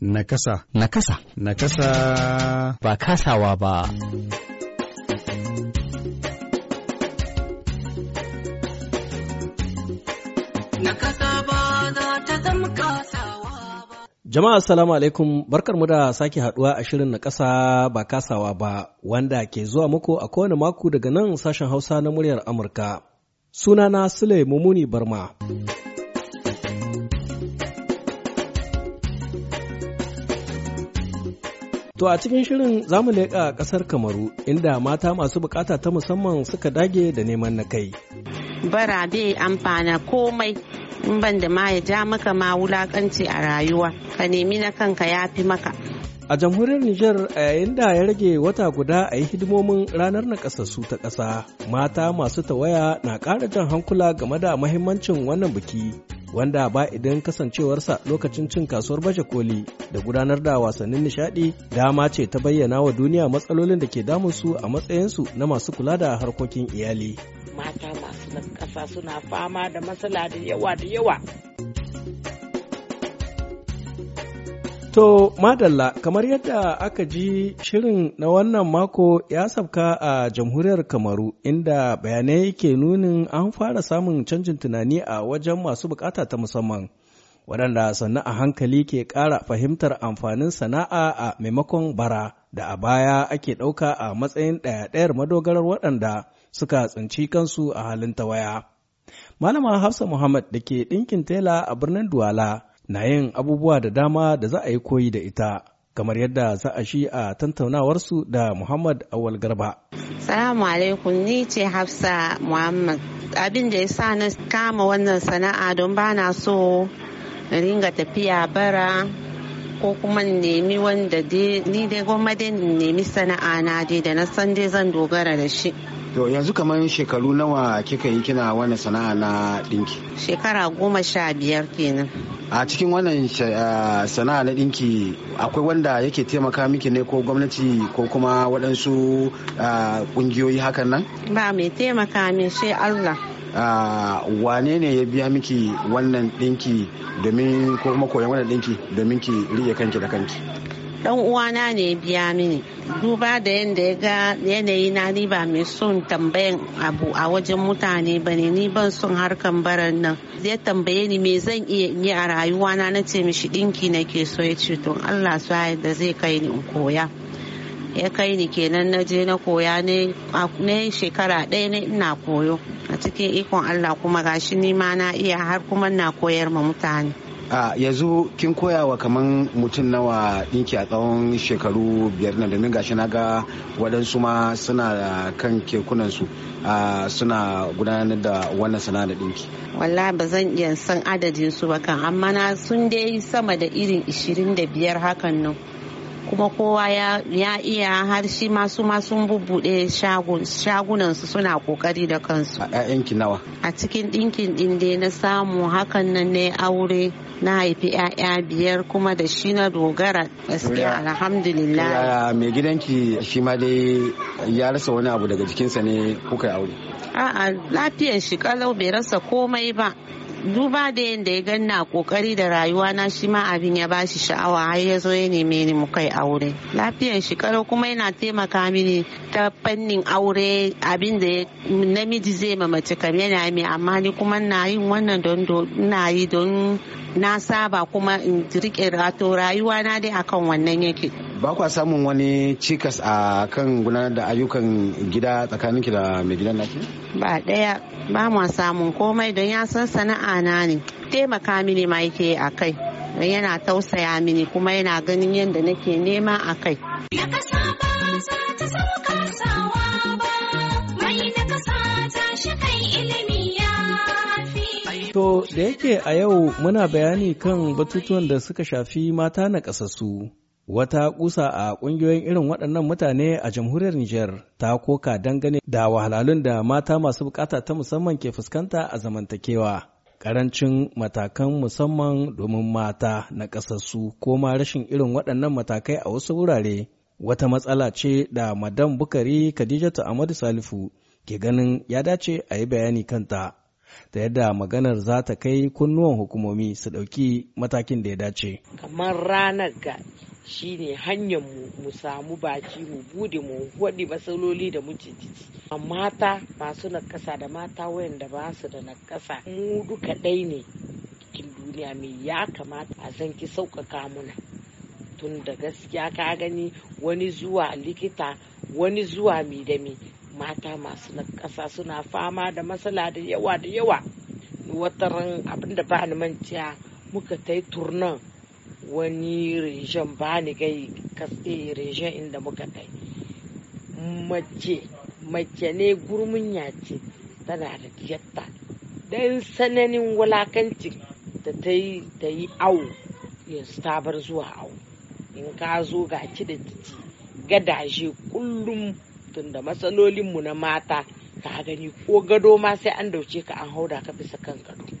Nakasa. Nakasa. Nakasa. Ba kasawa ba. Jama'a assalamu alaikum barkarmu da sake haduwa a shirin na ƙasa ba kasawa ba wanda ke zuwa muku a kowane mako daga nan sashen Hausa na muryar Amurka. Sunana Sule Mumuni Barma. To a cikin shirin zamu leƙa ƙasar Kamaru inda mata masu bukata ta musamman suka dage da neman na kai. Bara bai amfana komai in ban da ma ya ja maka ma wulakanci a rayuwa ka nemi na kanka ya fi maka. A jamhuriyar Nijar a yayin da ya rage wata guda a yi hidimomin ranar nakasassu ta ƙasa, mata masu tawaya na ƙara jan hankula game da mahimmancin wannan biki wanda ba idan kasancewarsa lokacin cin kasuwar baje koli da gudanar da wasannin nishadi dama ce ta bayyana wa duniya matsalolin da ke damunsu a matsayinsu na masu kula da harkokin iyali. Mata masu ƙasa suna fama da matsala da yawa da yawa To, Madalla, kamar yadda aka ji shirin na wannan mako ya sabka a jamhuriyar Kamaru inda bayanai ke nunin an fara samun canjin tunani a wajen masu bukata ta musamman. Waɗanda sannu a hankali ke ƙara fahimtar amfanin sana'a a maimakon bara da a baya ake ɗauka a matsayin ɗaya-ɗayar madogarar waɗanda suka tsinci kansu a halin tawaya. Malama Hafsa Muhammad da ke ɗinkin tela a birnin Duwala. na yin abubuwa da dama da za a yi koyi da ita kamar yadda za a shi a tantaunawarsu da Muhammad Awal Garba. Salamu alaikum ni ce Hafsa Muhammad. Abin da ya sa na kama wannan sana'a don ba na so na ringa tafiya bara ko kuma nemi wanda ni dai gwamma nemi sana'a na dai da na san dai zan dogara da shi. To yanzu kamar shekaru nawa kika yi kina wannan sana'a na dinki? Shekara goma sha biyar kenan. A cikin wannan sana'a na dinki akwai wanda yake taimaka miki ne ko gwamnati ko kuma waɗansu ƙungiyoyi hakan nan? Ba mai taimaka min sai Allah. wane ne ya biya miki wannan dinki domin ko kuma koyon wannan dinki domin ki riƙe kanki da kanki? dan uwana ne ya biya mini duba da yadda ya ga yanayi na ni ba mai son tambayan abu a wajen mutane ba ne ni ban son harkan baran nan ya tambaye ni me zan iya yi a rayuwa na na ce mishi dinki ke so ya ce tun allah su da zai kai ni in koya ya kai ni kenan na je na koya ne shekara ɗaya ne ina koyo a cikin ikon allah kuma gashi ni ma na iya har kuma na koyar ma mutane a yanzu kin koya wa kaman mutum nawa ɗinki a tsawon shekaru biyar na domin gashi na ga waɗansu ma suna kan kekunansu suna gudanar da wannan sana'a dinki. walla ba zan iya san adadin su ba kan amma na sun dai sama da irin 25 hakan nan kuma kowa ya iya har shi masu masu bubbuɗe shagunansu suna kokari da kansu a yankin nawa a cikin ɗinkin ɗin dai na samu hakan nan ne aure na haifi 'ya'ya biyar kuma da shi na dogara gaskiya alhamdulillah mai gidanki shi ma dai ya rasa wani abu daga jikinsa ne kuka aure a'a lafiyar shi kalau bai rasa komai ba duba da yadda ya ganna kokari da rayuwa na shi ma abin ya bashi sha'awa har ya zo ya neme ni mu kai aure lafiyan shi karo kuma yana taimaka mini ta fannin aure abin da namiji zai ma mace kam yana mai amma ni kuma na yin wannan don na yi don na saba kuma in rike rato rayuwa na dai akan wannan yake ba kwa samun wani cikas a kan gudanar da ayyukan gida tsakanin ki da mai gidan naki ba daya ba mu samun komai don ya san sana'a na ne taimaka mini ma yake a kai don yana tausaya mini kuma yana ganin yadda nake nema a kai To da yake a yau muna bayani kan batutuwan da suka shafi mata na ƙasasu. Wata kusa a ƙungiyoyin irin waɗannan mutane a jamhuriyar Nijar ta koka dangane da wahalhalun da mata masu bukata ta musamman ke fuskanta a zamantakewa. Karancin matakan musamman domin mata na ƙasassu ko ma rashin irin waɗannan matakai a wasu wurare wata matsala ce da Madam Bukari Khadijatu Ahmadu Salifu ke ganin ya dace a yi bayani kanta. ta yadda maganar za ta kai kunnuwan hukumomi su ɗauki matakin da ya dace. Kamar ranar ga shi ne hanyar mu mu samu baki mu bude mu waɗi matsaloli da muke ciki mata masu nakasa da mata wayanda ba su da nakasa mu duka ɗai ne cikin duniya mai ya kamata a san ki sauƙaƙa muna tun da gaskiya ka gani wani zuwa likita wani zuwa mi da mi mata masu nakasa suna fama da matsala da yawa da yawa wataran abinda ba ni manciya muka ta yi turnan wani reshen ba ni gai kaske reshen inda muka kai mace mace ne gurmin ce tana da diyatta dan sananin wulakancin da ta yi ta yi awo yanzu ta bar zuwa awo in ka zo ga ci da ciki gadaje kullum tunda matsalolinmu na mata ka gani ko gado ma sai an dauce ka an hauda ka bisa kan gado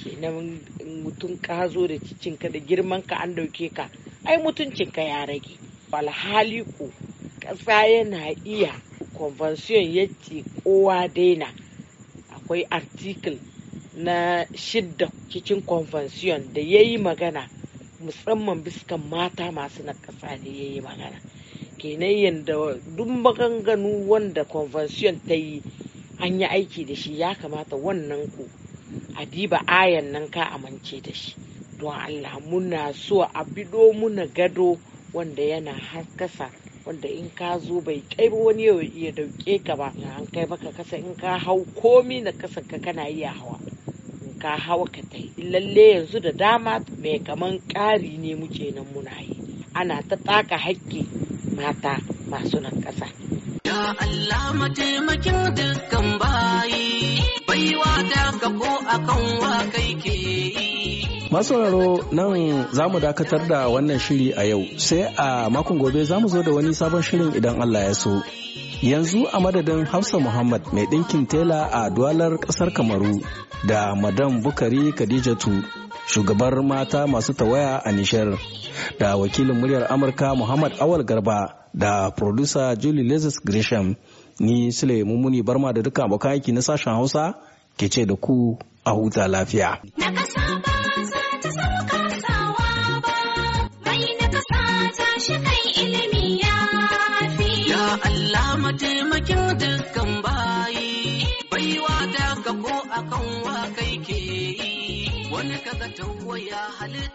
kenan mutum ka zo da cikinka da girman ka an dauke ka ai mutuncin ka ya rage alhali ko ƙasa yana iya convention ya kowa daina akwai article na shidda cikin convention da ya yi magana musamman biskan mata masu na ƙasa ne ya yi magana kenan yadda duk maganganu wanda convention ta yi an yi aiki da shi ya kamata wannan ku Habiba ayan nan ka amince da shi don Allah muna so a bido muna gado wanda yana har kasa wanda in ka zo bai kai ba wani yau ya dauke ka ba an kai baka kasa in ka hau komi na kasa ka kana iya hawa in ka hawa ka tai lalle yanzu da dama mai kaman ƙari ne muke nan muna yi ana ta taka hakki mata masu nan kasa ya Allah mataimakin dukkan bayi baiwa ta ka akan wa kai ke Masauraro nan za mu dakatar da wannan shiri a yau sai a makon gobe za mu zo da wani sabon shirin idan Allah ya so. Yanzu a madadin Hafsa Muhammad mai ɗinkin tela a duwalar ƙasar Kamaru da Madam Bukari Khadijatu shugabar mata masu tawaya a Nishar da wakilin muryar Amurka Muhammad Awal Garba da producer Julie Lesus Grisham. ni sule mummuni da duka abokan aiki na sashen hausa ke ce da ku a huta lafiya ilimi Allah mataimakin dukkan bayi baiwa daga ko a wa kai ke yi wani kaga ya halitta